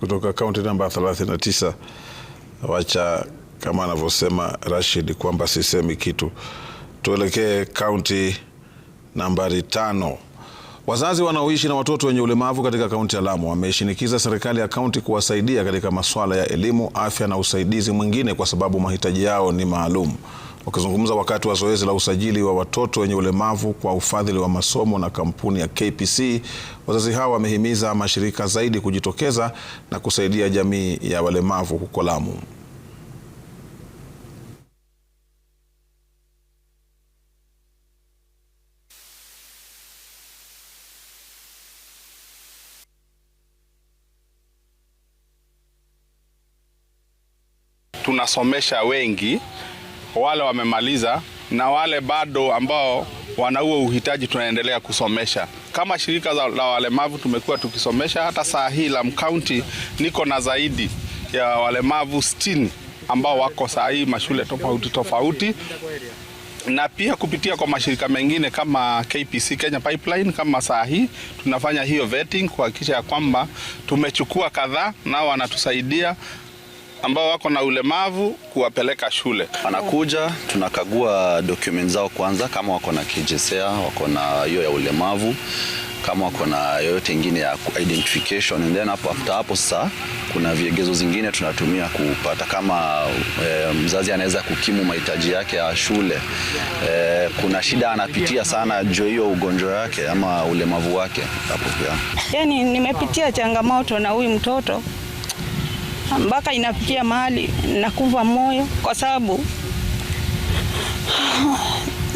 kutoka kaunti namba 39. Wacha kama anavyosema Rashid kwamba sisemi kitu. Tuelekee kaunti nambari tano. Wazazi wanaoishi na watoto wenye ulemavu katika kaunti ya Lamu wameshinikiza serikali ya kaunti kuwasaidia katika masuala ya elimu, afya na usaidizi mwingine kwa sababu mahitaji yao ni maalum. Wakizungumza wakati wa zoezi la usajili wa watoto wenye ulemavu kwa ufadhili wa masomo na kampuni ya KPC, wazazi hao wamehimiza mashirika zaidi kujitokeza na kusaidia jamii ya walemavu huko Lamu. Tunasomesha wengi wale wamemaliza na wale bado ambao wana huo uhitaji tunaendelea kusomesha. Kama shirika la walemavu tumekuwa tukisomesha, hata saa hii la mkaunti niko na zaidi ya walemavu sitini ambao wako saa hii mashule tofauti tofauti, na pia kupitia kwa mashirika mengine kama KPC Kenya Pipeline, kama saa hii tunafanya hiyo vetting kuhakikisha ya kwamba tumechukua kadhaa, nao wanatusaidia ambao wako na ulemavu kuwapeleka shule. Wanakuja tunakagua dokumenti zao kwanza, kama wako na kijesea, wako na hiyo ya ulemavu, kama wako na yoyote ingine ya identification, and then hapo after hapo sasa kuna viegezo zingine tunatumia kupata kama e, mzazi anaweza kukimu mahitaji yake ya shule e, kuna shida anapitia sana juu hiyo ugonjwa wake ama ulemavu wake hapo pia. Yani nimepitia changamoto na huyu mtoto mpaka inafikia mahali nakuva moyo, kwa sababu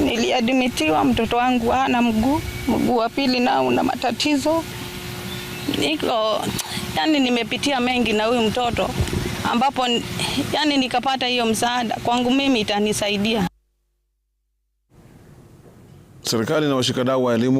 niliadimitiwa, mtoto wangu hana mguu, mguu wa pili nao una matatizo. Niko yani, nimepitia mengi na huyu mtoto ambapo yani nikapata hiyo msaada kwangu mimi itanisaidia. Serikali na washikadau wa elimu